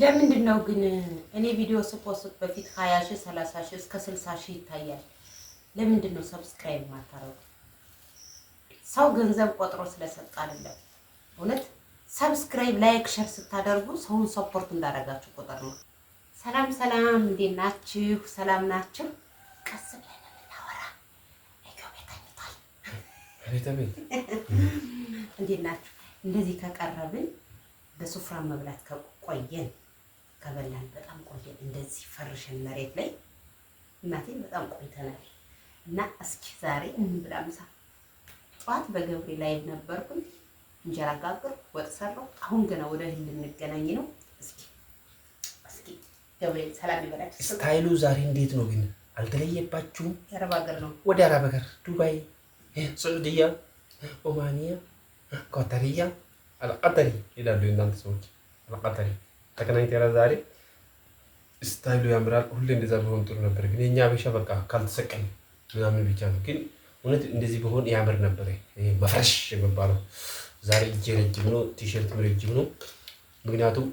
ለምንድን ነው ግን እኔ ቪዲዮ ስፖስት በፊት 20 ሺህ 30 ሺህ እስከ 60 ሺህ ይታያል። ለምንድን ነው ሰብስክራይብ ማታረጉ? ሰው ገንዘብ ቆጥሮ ስለሰጥ አይደለም። እውነት ሰብስክራይብ፣ ላይክ፣ ሸር ስታደርጉ ሰውን ሰፖርት እንዳደረጋችሁ ቁጥር ነው። ሰላም ሰላም፣ እንዴት ናችሁ? ሰላም ናችሁ? ቀስ ብለን የምናወራ ተኝቷል። እንዴት ናችሁ? እንደዚህ ከቀረብን በሱፍራ መብላት ከቆየን ከበላን በጣም ቆየን። እንደዚህ ፈርሸን መሬት ላይ እናቴን በጣም ቆይተናል። እና እስኪ ዛሬ እንብላ ምሳ። ጠዋት በገብሬ ላይ ነበርኩኝ፣ እንጀራ ጋገርኩ፣ ወጥ ሰራሁ። አሁን ገና ወደ ህል እንገናኝ ነው። እስኪ እስኪ ገብሬ ሰላም ይበላችሁ። ስታይሉ ዛሬ እንዴት ነው ግን? አልተለየባችሁም? የአረብ ሀገር ነው። ወደ አረብ ሀገር ዱባይ፣ ሱዑድያ፣ ኦማንያ፣ ኮተርያ አልቀጠሪ ይላሉ እናንተ ሰዎች አልቀጠሪ ተገናኝተናል ዛሬ። ስታይሉ ያምራል። ሁሌ እንደዛ ቢሆን ጥሩ ነበር፣ ግን የኛ አበሻ በቃ ካልተሰቀል ምናምን ብቻ ነው። ግን እውነት እንደዚህ ቢሆን ያምር ነበር። ይሄ መፍረሽ የሚባለው ዛሬ እጄ ረጅም ነው፣ ቲሸርት ረጅም ነው። ምክንያቱም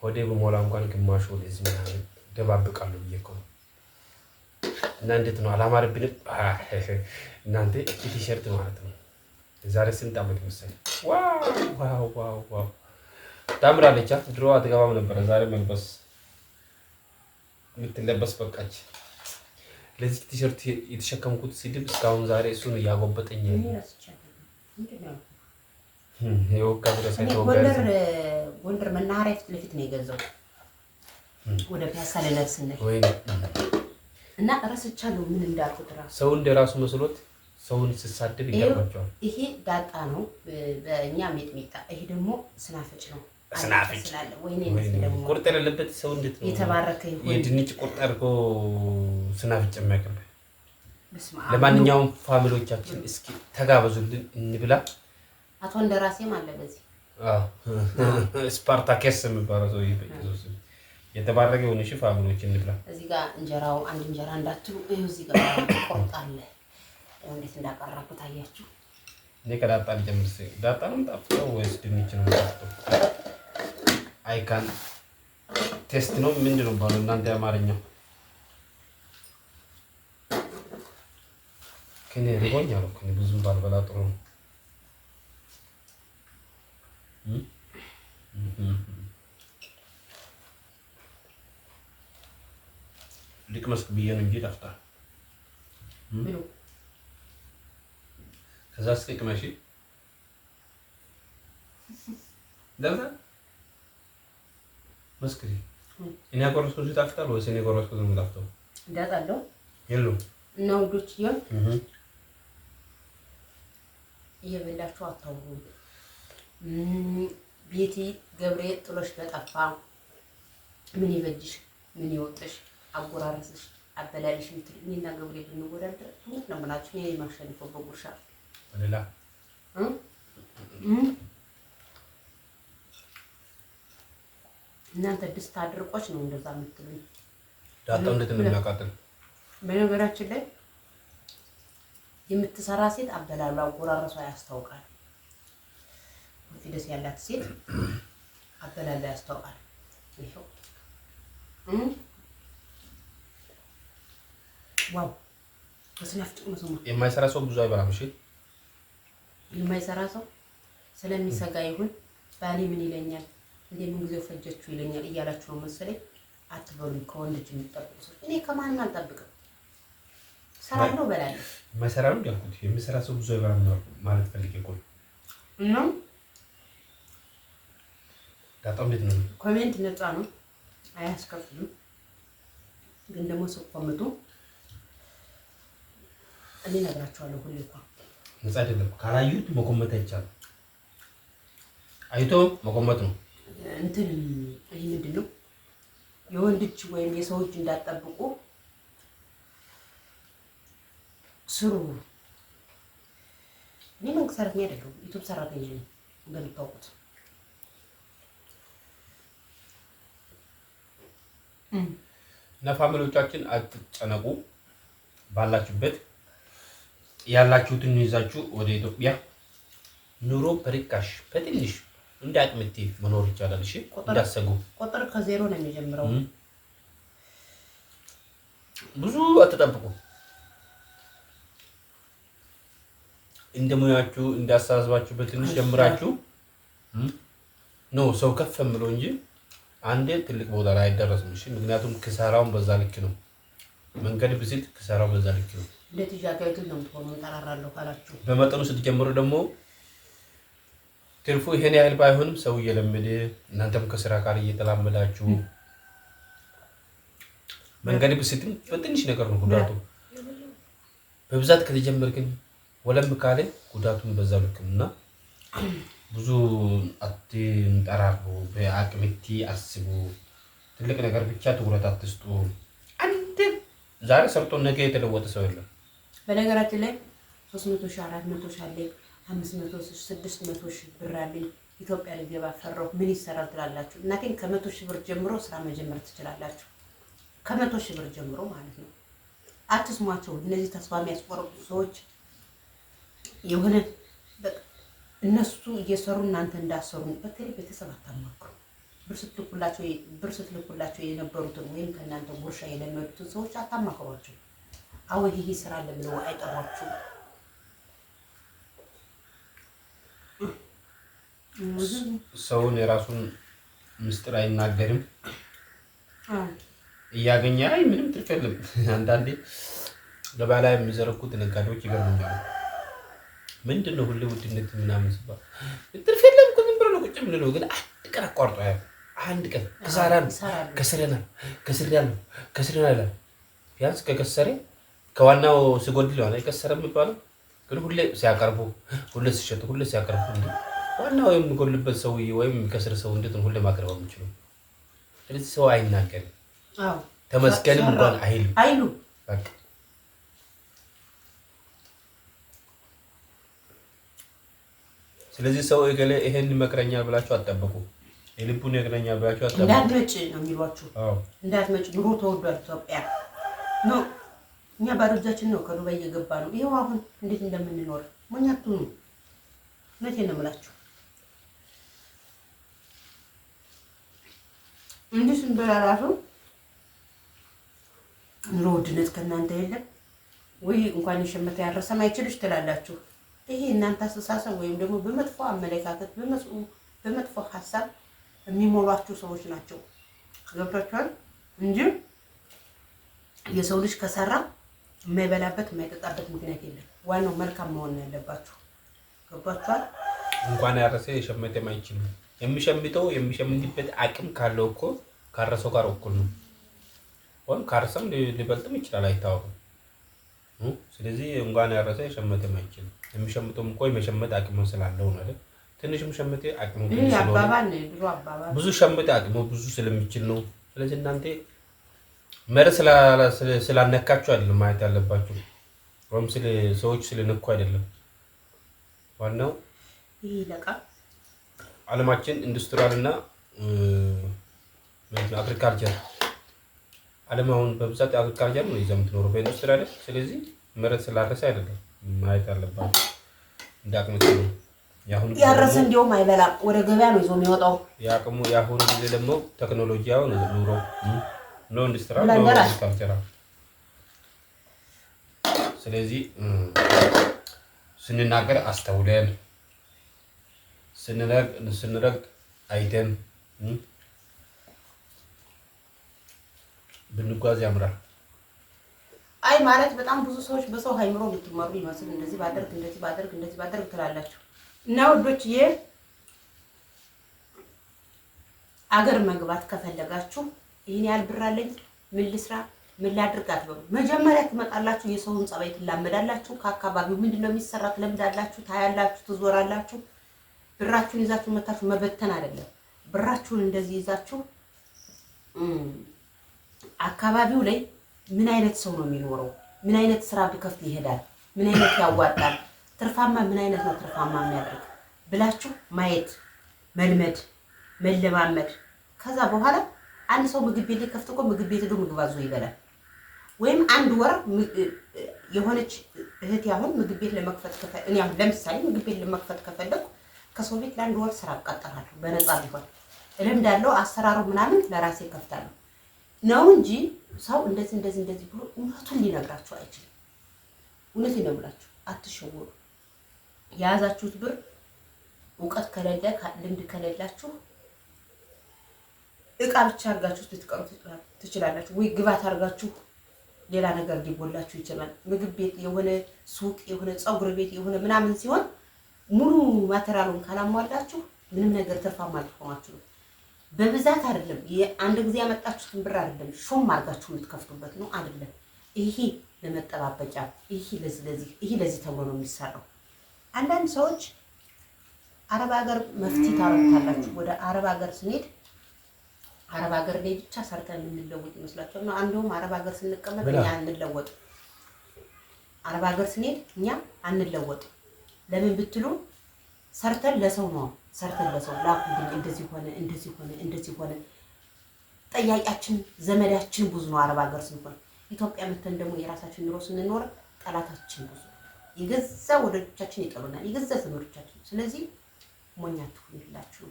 ሆዴ በሞላ እንኳን ግማሽ ወደዚህ ምናምን ደባብቃለሁ ብዬ እኮ ነው። እና እንዴት ነው አላማረብንም? እናንተ ቲሸርት ማለት ነው። ዛሬ ስንት ዓመት መሰለኝ? ዋው ዋው ዋው ታምራለቻት። ድሮ አትገባም ነበረ፣ ዛሬ መልበስ የምትለበስ በቃች። ለዚህ ቲሸርት የተሸከምኩት ሲድብ እስካሁን ዛሬ እሱን እያጎበጠኝ ጎንደር መናኸሪያ ፊት ለፊት ነው የገዛው ወደ ፒያሳ ልለብስነት እና እረስቻለሁ። ምን እንዳልኩት እራሱ ሰው እንደ ራሱ መስሎት ሰውን ስሳድብ ይገባቸዋል። ይሄ ዳጣ ነው፣ በእኛ ሚጥሚጣ። ይሄ ደግሞ ስናፍጭ ነው። ስናፍጭ ቁርጥ የሌለበት ሰው እንዴት ነው የድንች ቁርጥ አድርጎ ስናፍጭ የሚያቀርብ? ለማንኛውም ፋሚሊዎቻችን እስኪ ተጋበዙልን እንብላ። አቶ እንደራሴም አለ በዚህ ስፓርታኬስ የሚባለው ሰው የተባረገ የሆነ ሺ ፋሚሊዎች እንብላ። እዚህ ጋር እንጀራው አንድ እንጀራ እንዳትሉ፣ ይኸው እዚህ ጋር ቁርጥ እንዴት እንዳቀረብኩት አያችሁ። እኔ ከዳጣ ልጀምር። ዳጣ ነው የምጣፍጠው ወይስ ድንች ነው የምጣፍጠው? አይካን ቴስት ነው ምንድን ነው ባለው እናንተ አማርኛው ከኔ ሪቦኛ ነው ከኔ ብዙም ባልበላ ጥሩ ነው። ሊቅ መስክ ብዬ ነው እንጂ ዳፍታ ከዛ ስቅቅ መሺ ደብረ መስክሪ። እኔ ያቆረስኩት ይጣፍጣል ወይስ እኔ ያቆረስኩት ነው የሚጣፍጠው? እንዳጣለው የለውም። እና ውዶች ይሁን እየበላችሁ ቤቲ ገብርኤል ጥሎሽ በጠፋ ምን ይበጅሽ፣ ምን ይወጥሽ፣ አጎራረስሽ፣ አበላልሽ ምትል እኔና ገብርኤል ብንወዳደር እውነት ነው የምላችሁ እኔ የማሸንፈው በጉርሻ ሌላ እናንተ ድስት አድርቆች ነው እንደዛ የምትሉኝ። ዳጣው እንዴት እንደሚያቃጥል በነገራችን ላይ የምትሰራ ሴት አበላሉ አጎራረሷ ያስታውቃል። ኮንፊደንስ ያላት ሴት አበላሉ ያስታውቃል። ይሄው ዋው የማይሰራ ሰው ብዙ አይበላም። እሺ የማይሰራ ሰው ስለሚሰጋ ይሁን ባሌ ምን ይለኛል እንዴ ምን ጊዜው ፈጀችሁ ይለኛል እያላችሁ ነው መሰለኝ። አትበሉኝ። ከወንድ ልጅ የምጠብቁ ሰው እኔ ከማንም አልጠብቅም። ሰራለሁ፣ በላለሁ፣ መሰራሉ ያልኩት የምሰራ ሰው ብዙ አይበላም ነው ማለት ፈልጌ እኮ ነው። ዳጣም እንዴት ነው? ኮሜንት ነፃ ነው፣ አያስከፍሉም። ግን ደግሞ ሰው እኔ እነግራቸዋለሁ። ሁሌ እኮ ነፃ አይደለም። ካላዩት መኮመት አይቻልም። አይቶ መኮመት ነው። እንትን ይህ ምንድን ነው የወንድ ወይም የሰው እጅ እንዳትጠብቁ ስሩ። እኔ መንግስት ሰራተኛ አይደለሁም፣ ዩቱብ ሰራተኛ ነኝ እንደምታውቁት። ነፋሚሊዎቻችን አትጨነቁ፣ ባላችሁበት ያላችሁትን ይዛችሁ ወደ ኢትዮጵያ ኑሮ በርካሽ በትንሽ እንደ አቅምቴ መኖር ይቻላል። እሺ እንዳሰጉ ቁጥር ከዜሮ ነው የሚጀምረው። ብዙ አትጠብቁ። እንደ ሙያችሁ እንዳሳዝባችሁ በትንሽ ጀምራችሁ ነው ሰው ከፍ ምሎ እንጂ አንዴ ትልቅ ቦታ ላይ አይደረስም። እሺ ምክንያቱም ክሳራውን በዛ ልክ ነው። መንገድ ብስል ክሳራው በዛ ልክ ነው። እንዴት ነው በመጠኑ ስትጀምሩ ደግሞ ትርፉ ይሄን ያህል ባይሆንም ሰው እየለመደ እናንተም ከስራ ጋር እየተላመዳችሁ መንገድ ብስትም በትንሽ ነገር ነው ጉዳቱ። በብዛት ከተጀመረ ግን ወለም ካለ ጉዳቱን በዛ ልክ እና ብዙ አትንጠራሩ፣ በአቅምቲ አስቡ። ትልቅ ነገር ብቻ ትኩረት አትስጡ። አንድ ዛሬ ሰርቶ ነገ የተለወጠ ሰው የለም። በነገራችን ላይ ሶስት መቶ ሺህ አራት መቶ ሺህ አለ አምስት መቶ ስድስት መቶ ሺህ ብር አለኝ ኢትዮጵያ ልገባ ፈራሁ፣ ምን ይሰራል ትላላችሁ? እናቴን ከመቶ ሺህ ብር ጀምሮ ስራ መጀመር ትችላላችሁ። ከመቶ ሺህ ብር ጀምሮ ማለት ነው። አትስሟቸው። እነዚህ ተስፋ የሚያስቆርጡ ሰዎች የሆነ እነሱ እየሰሩ እናንተ እንዳሰሩ። በተለይ ቤተሰብ አታማክሩ። ብር ስትልኩላቸው የነበሩትን ወይም ከእናንተ ጉርሻ የለመዱትን ሰዎች አታማክሯቸው። አሁን ይህ ስራ ለምለው አይጠሯችሁም። ሰውን የራሱን ምስጢር አይናገርም። እያገኘ አይ ምንም ትርፍ የለም። አንዳንዴ ለባላ የሚዘረኩት ነጋዴዎች ይገርሙኛል። ምንድን ነው ሁሌ ውድነት ምናምን ሲባል ትርፍ የለም እኮ ዝም ብሎ ነው ቁጭ የምንለው፣ ግን አንድ ቀን አቋርጦ ያ አንድ ቀን ከሳራ ነው ከስረናል ከስሪያል ነው ከስሪናል ቢያንስ ከከሰሬ ከዋናው ሲጎድል ሆነ የከሰረ የሚባለው ግን ሁሌ ሲያቀርቡ ሁሌ ሲሸጡ ሁሌ ሲያቀርቡ ዋና ወይም የሚጎልበት ሰው ወይም የሚከስር ሰው እንዴት ሁሌ ማቅረብ የምችለው? ስለዚህ ሰው አይናገርም፣ ተመስገንም እንኳን አይሉ አይሉ ስለዚህ ሰው እገሌ ይሄን ይመክረኛል ብላችሁ አጠበቁ፣ የልቡን ይመክረኛል ብላችሁ አትጠብቁ። እንዳትመጪ ነው የሚሏችሁ። እንዳትመጭ ኑሮ ተወዷል ኢትዮጵያ ነው። እኛ ባዶ እጃችን ነው ከዱባይ እየገባ ነው። ይሄው አሁን እንዴት እንደምንኖር ሞኛቱ ነው። እውነቴን ነው የምላችሁ። እንዲህ ስንበላ ራሱ ኑሮ ውድነት ከእናንተ የለም ወይ? እንኳን የሸመተ ያረሰ ማይችልሽ ትላላችሁ። ይሄ እናንተ አስተሳሰብ ወይም ደግሞ በመጥፎ አመለካከት በመጥፎ ሀሳብ የሚሞሏችሁ ሰዎች ናቸው። ገብቷችኋል እንጂ የሰው ልጅ ከሰራ የማይበላበት የማይጠጣበት ምክንያት የለም። ዋናው መልካም መሆን ነው ያለባችሁ። ገብቷችኋል። እንኳን ያረሰ የሸመተ ማይችል የሚሸምተው የሚሸምትበት አቅም ካለው እኮ ካረሰው ጋር እኩል ነው፣ ወይም ካረሰም ሊበልጥም ይችላል፣ አይታወቅም። ስለዚህ እንኳን ያረሰ የሸመተም አይችልም። የሚሸምተውም እኮ የመሸመት አቅም ስላለው ነው አይደል? ትንሽም ሸምጤ አቅሙ ብዙ ሸመቴ አቅሙ ብዙ ስለሚችል ነው። ስለዚህ እናንተ መር ስላነካችሁ አይደለም ማየት ያለባችሁ፣ ወይም ሰዎች ስለነኩ አይደለም። ዋናው ዓለማችን ኢንዱስትሪያል እና አግሪካልቸር ዓለም አሁን በብዛት አግሪካልቸር ነው ይዘው የምትኖረው በኢንዱስትሪ አይደል። ስለዚህ መሬት ስላረሰ አይደለም ማየት አለባት እንደ አቅምት ነው። ያረሰ እንዲሁም አይበላም፣ ወደ ገበያ ነው ይዞ የሚወጣው። የአቅሙ የአሁኑ ጊዜ ደግሞ ቴክኖሎጂ አሁን ኑሮ ነው ኢንዱስትሪ አግሪካልቸር። ስለዚህ ስንናገር አስተውለን ስንረግ አይተን ብንጓዝ ያምራል። አይ ማለት በጣም ብዙ ሰዎች በሰው ሀይምሮ የምትመሩ ይመስል እንደዚህ ባደርግ እንደዚህ ባደርግ እንደዚህ ባደርግ ትላላችሁ። እና ውዶችዬ አገር መግባት ከፈለጋችሁ ይህን ያህል ብር አለኝ ምን ልስራ ምን ላድርግ አትበሉ። መጀመሪያ ትመጣላችሁ፣ የሰውን ጸባይ ትላመዳላችሁ፣ ከአካባቢው ምንድን ነው የሚሰራ ትለምዳላችሁ፣ ታያላችሁ፣ ትዞራላችሁ። ብራችሁን ይዛችሁ መታችሁ መበተን አይደለም። ብራችሁን እንደዚህ ይዛችሁ አካባቢው ላይ ምን አይነት ሰው ነው የሚኖረው? ምን አይነት ስራ ቢከፍት ይሄዳል? ምን አይነት ያዋጣል? ትርፋማ ምን አይነት ነው ትርፋማ የሚያደርግ ብላችሁ ማየት፣ መልመድ፣ መለማመድ። ከዛ በኋላ አንድ ሰው ምግብ ቤት ሊከፍት እኮ ምግብ ቤት ሄዶ ምግብ አዞ ይበላል። ወይም አንድ ወር የሆነች እህቴ አሁን ምግብ ቤት ለመክፈት እኔ አሁን ለምሳሌ ምግብ ቤት ለመክፈት ከፈለኩ ከሰው ቤት ለአንድ ወር ስራ እቀጠራለሁ። በነፃ ቢሆን እለምዳለሁ። አሰራሩ ምናምን ለራሴ ከፍታለሁ። ነው እንጂ ሰው እንደዚህ እንደዚህ እንደዚህ ብሎ እውነቱን ሊነግራችሁ አይችልም። እውነቴን ነው የምላችሁ፣ አትሸወሩ። የያዛችሁት ብር እውቀት ከሌለ ልምድ ከሌላችሁ እቃ ብቻ አድርጋችሁ ልትቀሩ ትችላላችሁ፣ ወይ ግባት አድርጋችሁ ሌላ ነገር ሊጎላችሁ ይችላል። ምግብ ቤት የሆነ ሱቅ የሆነ ፀጉር ቤት የሆነ ምናምን ሲሆን ሙሉ ማቴሪያሉን ካላሟላችሁ ምንም ነገር ትርፋማ ልትሆኑ ነው። በብዛት አይደለም። አንድ ጊዜ ያመጣችሁትን ብር አይደለም ሾም አድርጋችሁ የምትከፍቱበት ነው አይደለም። ይሄ ለመጠባበቂያ፣ ይሄ ለዚህ ለዚህ፣ ይሄ ለዚህ ተብሎ ነው የሚሰራው። አንዳንድ ሰዎች አረብ ሀገር መፍትሄ ታረጉታላችሁ። ወደ አረብ ሀገር ስንሄድ አረብ ሀገር ላይ ብቻ ሰርተን የምንለወጥ ይመስላቸው ነው። አንዱም አረብ ሀገር ስንቀመጥ እኛ አንለወጥ፣ አረብ ሀገር ስንሄድ እኛ አንለወጥ። ለምን ብትሉ ሰርተን ለሰው ነው ሰርተን ለሰው ላኩልኝ፣ እንደዚህ ሆነ፣ እንደዚህ ሆነ፣ እንደዚህ ሆነ። ጠያቂያችን ዘመዳችን ብዙ ነው። አረብ ሀገር ስንሆን ኢትዮጵያ መተን ደግሞ የራሳችን ኑሮ ስንኖር ጠላታችን ብዙ የገዛ ወዳጆቻችን ይጠሉናል፣ የገዛ ዘመዶቻችን። ስለዚህ ሞኛ ይላችሁ።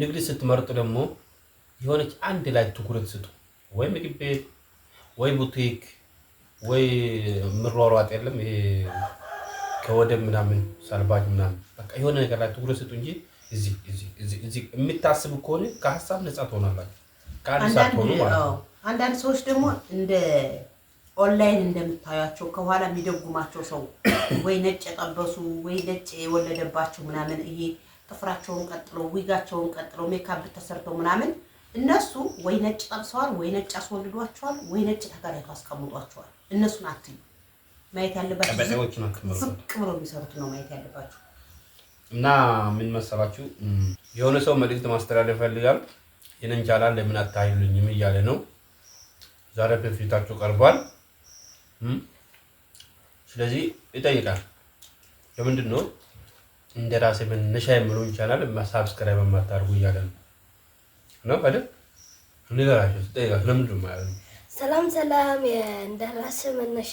ንግድ ስትመርጡ ደግሞ የሆነች አንድ ላይ ትኩረት ስጡ። ወይ ምግብ ቤት ወይ ቡቲክ ወይ ምሯሯጥ የለም ይሄ ከወደብ ምናምን ሳልባጅ ምናምን በቃ የሆነ ነገር ላይ ትኩረት ስጡ እንጂ እዚህ የምታስብ ከሆነ ከሀሳብ ነፃ ትሆናላችሁ። አንዳንድ ሰዎች ደግሞ እንደ ኦንላይን እንደምታያቸው ከኋላ የሚደጉማቸው ሰው ወይ ነጭ የጠበሱ ወይ ነጭ የወለደባቸው ምናምን ይሄ ጥፍራቸውን ቀጥለው ዊጋቸውን ቀጥለው ሜካፕ ተሰርተው ምናምን እነሱ ወይ ነጭ ጠብሰዋል፣ ወይ ነጭ አስወልዷቸዋል፣ ወይ ነጭ ተከራይቶ አስቀምጧቸዋል። እነሱን አትዩ። ማየት ያለባችሁ ዝቅ ብሎ የሚሰሩት ነው ማየት ያለባችሁ። እና ምን መሰላችሁ የሆነ ሰው መልዕክት ማስተላለፍ ፈልጋል። ይህንን ቻናል ለምን አታይሉኝም እያለ ነው። ዛሬ በፊታችሁ ቀርቧል። ስለዚህ ይጠይቃል። ለምንድን ነው እንደ ራሴ መነሻ የምለውን ቻናል ሳብስክራይብ የማታደርጉ እያለ ነው ነው አይደል? እንደራሴ ትጠይቃችሁ ለምንድን ነው ማለት ነው። ሰላም ሰላም፣ እንደራሴ መነሻ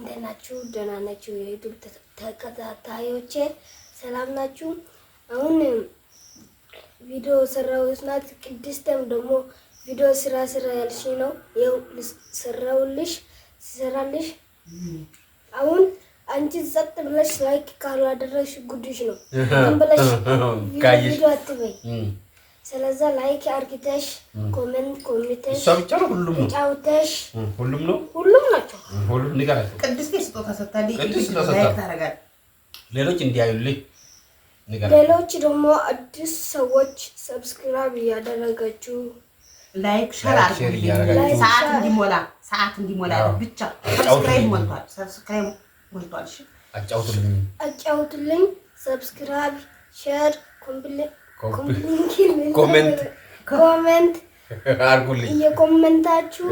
እንደናችሁ ደህና ናችሁ? የዩቱብ ተከታታዮቼ ሰላም ናችሁ? አሁን ቪዲዮ ሰራሁት ናት። ቅድስትም ደግሞ ቪዲዮ ስራ ስራ ያልሽ ነው ይኸው ሰራሁልሽ። ስራልሽ አሁን አንቺ ጸጥ ብለሽ ላይክ ካላደረግሽ ጉድሽ ነው ብለሽ ቪዲዮ አትበይ ስለዛ ላይክ አርግተሽ ኮሜንት ኮሚቴሽ እሷ ብቻ ነው ሁሉም ነው ጫውተሽ ሁሉም ነው ሁሉም ናቸው። ሁሉም ንገራቸው። ቅድስት ስጦታ ሰጥታለች። ቅድስት ስጦታ ታደርጋለች። ሌሎች እንዲያዩልኝ ንገራቸው። ሌሎች ደግሞ አዲስ ሰዎች ሰብስክራይብ እያደረጋችሁ ላይክ ሼር አድርጉልኝ። ሰዓት እንዲሞላ ሰዓት እንዲሞላ ብቻ ሰብስክራይብ ሞልቷል። ሰብስክራይብ ሞልቷል። እሺ አጫውቱልኝ፣ አጫውቱልኝ። ሰብስክራይብ ሼር ኮምፕሊት ኮሜንት ኮሜንት አድርጉልኝ እየኮመንታችሁ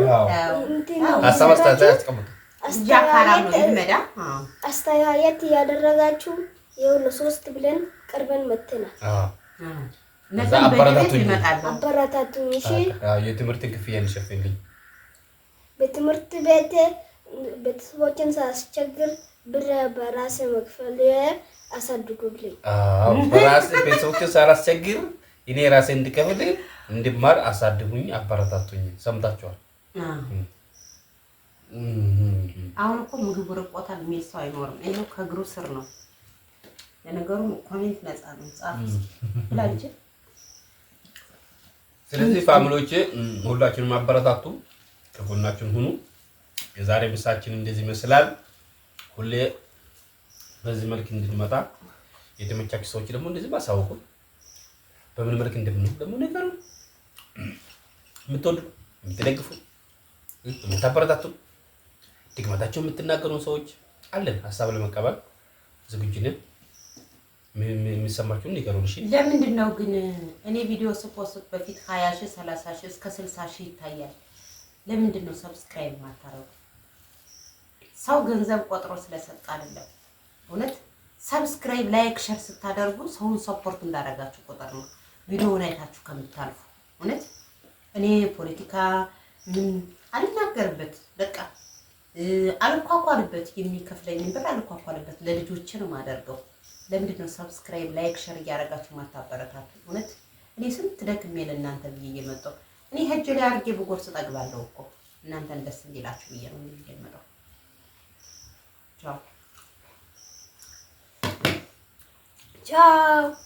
ሀሳብ አስተያየት እያደረጋችሁ የሆነ ሶስት ብለን ቅርበን መተናል። አበረታቱኝ። እሺ የትምህርት ክፍያ እንሸፍልኝ። በትምህርት ቤት ቤተሰቦችን ሳስቸግር ብር በራሴ መክፈል አሳድጉልኝ። በራሴ ቤተሰቦች ሳላስቸግር እኔ ራሴ እንድከፍል እንድማር አሳድጉኝ፣ አበረታቱኝ። ሰምታችኋል። አሁን እኮ ምግብ ርቆታል የሚል ሰው አይኖርም። ይኸው ከእግሩ ስር ነው። ለነገሩ ኮሜንት ነጻ ነው። ጻፍ ብላልጅ። ስለዚህ ፋሚሊዎቼ ሁላችሁንም አበረታቱ፣ ከጎናችን ሁኑ። የዛሬ ምሳችን እንደዚህ ይመስላል ሁሌ በዚህ መልክ እንድንመጣ የደመቻችሁ ሰዎች ደግሞ እንደዚህ ማሳወቁ በምን መልክ እንደምንሆን ደግሞ ነገሩ የምትወዱ የምትደግፉ የምታበረታቱ ድክመታቸው የምትናገሩ ሰዎች አለን። ሀሳብ ለመቀበል ዝግጁ ነን። የሚሰማችሁን ንገሩን። እሺ፣ ለምንድን ነው ግን እኔ ቪዲዮ ስፖስት በፊት ሀያ ሺህ ሰላሳ ሺህ እስከ ስልሳ ሺህ ይታያል። ለምንድን ነው ሰብስክራይብ ማታረጉ? ሰው ገንዘብ ቆጥሮ ስለሰጥ አይደለም። እውነት ሰብስክራይብ፣ ላይክ፣ ሸር ስታደርጉ ሰውን ሰፖርት እንዳደረጋችሁ ቁጥር ነው ቪዲዮውን አይታችሁ ከምታልፉ። እውነት እኔ ፖለቲካ አልናገርበት በቃ አልኳኳልበት፣ የሚከፍለኝን ብር አልኳኳልበት፣ ለልጆች ነው የማደርገው። ለምንድን ነው ሰብስክራይብ፣ ላይክ፣ ሸር እያደረጋችሁ ማታበረታቱ? እውነት እኔ ስንት ደክሜ ለእናንተ ብዬ እየመጣሁ እኔ ሄጄ ላይ አድርጌ ብጎርስ ጠግባለሁ እኮ እናንተን ደስ እንዲላችሁ ብዬ ነው የሚጀምረው። Ciao!